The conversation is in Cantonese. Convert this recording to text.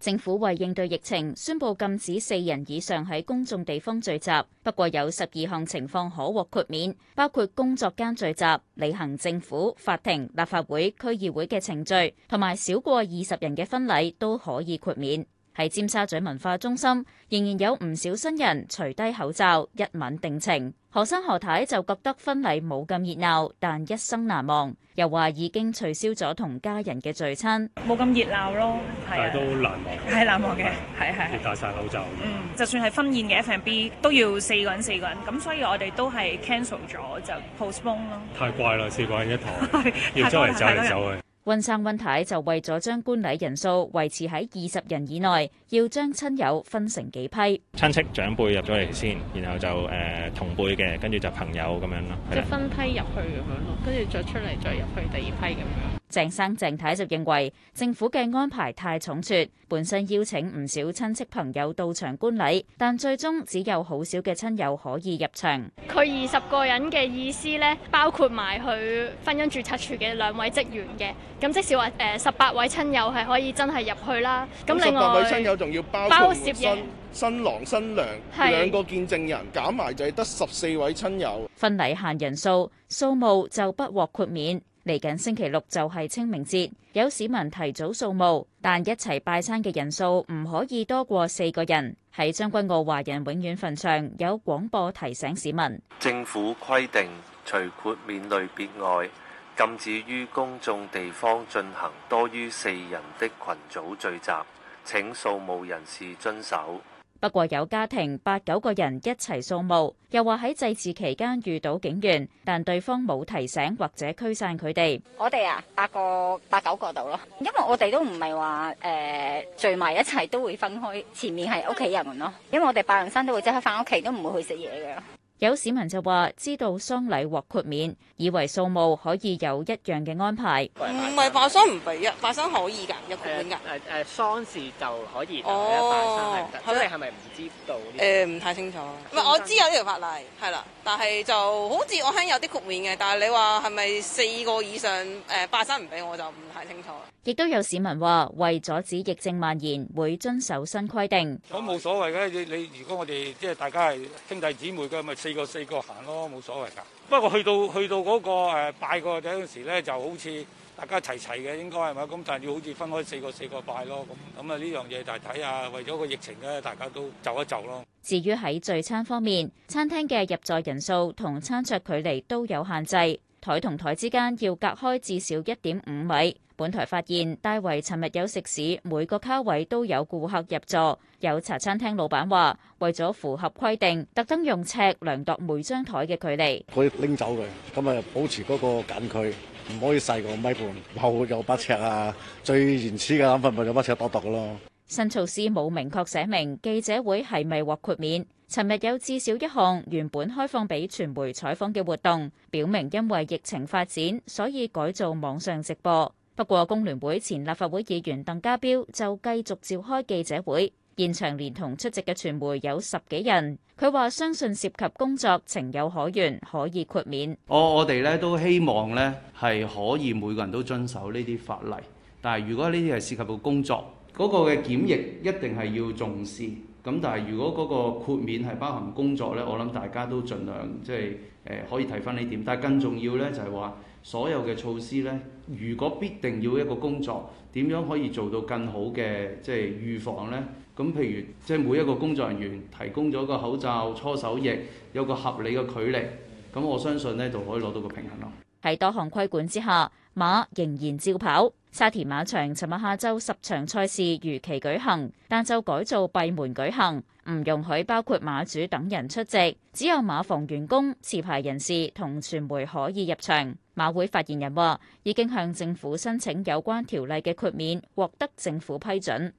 政府為應對疫情，宣布禁止四人以上喺公眾地方聚集。不過有十二項情況可獲豁免，包括工作間聚集、履行政府、法庭、立法會、區議會嘅程序，同埋少過二十人嘅婚禮都可以豁免。喺尖沙咀文化中心，仍然有唔少新人除低口罩一吻定情。何生何太就覺得婚禮冇咁熱鬧，但一生難忘。又話已經取消咗同家人嘅聚餐，冇咁熱鬧咯。係都難忘，係難忘嘅，係係。戴晒口罩。嗯，就算係婚宴嘅 F&B 都要四個人四個人，咁所以我哋都係 cancel 咗就 postpone 咯。太怪啦，四個人一台，要周圍走嚟走去。溫生溫太就為咗將觀禮人數維持喺二十人以內，要將親友分成幾批。親戚長輩入咗嚟先，然後就誒、呃、同輩嘅，跟住就朋友咁樣咯。即係分批入去咁樣咯，跟住再出嚟再入去第二批咁樣。鄭生鄭太就認為政府嘅安排太倉促，本身邀請唔少親戚朋友到場觀禮，但最終只有好少嘅親友可以入場。佢二十個人嘅意思咧，包括埋去婚姻注冊處嘅兩位職員嘅。咁即使話誒十八位親友係可以真係入去啦。咁另外十八位親友仲要包括，包括攝影、新新郎新娘兩是個見證人，減埋就係得十四位親友。婚禮限人數，數目就不獲豁免。嚟緊星期六就係清明節，有市民提早掃墓，但一齊拜山嘅人數唔可以多過四個人。喺將軍澳華人永遠墳場有廣播提醒市民，政府規定除豁免類別外，禁止於公眾地方進行多於四人的群組聚集，請掃墓人士遵守。不過有家庭八九個人一齊掃墓，又話喺祭祀期間遇到警員，但對方冇提醒或者驅散佢哋。我哋啊，八個八九個度咯，因為我哋都唔係話誒聚埋一齊都會分開，前面係屋企人咯，因為我哋拜完山都會即刻翻屋企，都唔會去食嘢嘅。有市民就話知道喪禮獲豁免，以為掃墓可以有一樣嘅安排。唔係，拜山唔俾一，拜山可以㗎，一佢點㗎？誒誒，喪事就可以得一，拜山係咁，你係咪唔知道呢？誒，唔太清楚。唔係，我知有呢條法例係啦，但係就好似我聽有啲豁免嘅，但係你話係咪四個以上誒拜山唔俾我就唔太清楚。亦都有市民話為阻止疫症蔓延，會遵守新規定。我冇所謂嘅，你你如果我哋即係大家係兄弟姊妹嘅，咪四個四個行咯，冇所謂㗎。不過去到去到嗰個拜個嗰陣時咧，就好似大家一齊齊嘅，應該係咪？咁，但係要好似分開四個四個拜咯。咁咁啊，呢樣嘢就係睇下，為咗個疫情咧，大家都就一就咯。至於喺聚餐方面，餐廳嘅入座人數同餐桌距離都有限制，枱同枱之間要隔開至少一點五米。本台發現大圍尋日有食肆，每個卡位都有顧客入座。有茶餐廳老闆話為咗符合規定，特登用尺量量度每張台嘅距離，可以拎走佢咁啊，保持嗰個緊距唔可以細過米半，後有八尺啊，最原始嘅諗法咪有八尺多度咯。新措施冇明確寫明記者會係咪獲豁免。尋日有至少一項原本開放俾傳媒採訪嘅活動表明因為疫情發展，所以改做網上直播。不過，工聯會前立法會議員鄧家彪就繼續召開記者會，現場連同出席嘅傳媒有十幾人。佢話：相信涉及工作情有可原，可以豁免。我我哋咧都希望咧係可以每個人都遵守呢啲法例，但係如果呢啲係涉及到工作，嗰個嘅檢疫一定係要重視。咁但係，如果嗰個豁免係包含工作呢，我諗大家都盡量即係誒可以提翻呢點。但係更重要呢，就係話所有嘅措施呢，如果必定要一個工作，點樣可以做到更好嘅即係預防呢？咁譬如即係每一個工作人員提供咗個口罩、搓手液，有個合理嘅距離，咁我相信呢，就可以攞到個平衡咯。喺多項規管之下。馬仍然照跑，沙田馬場尋日下晝十場賽事如期舉行，但就改做閉門舉行，唔容許包括馬主等人出席，只有馬房員工、持牌人士同傳媒可以入場。馬會發言人話，已經向政府申請有關條例嘅豁免，獲得政府批准。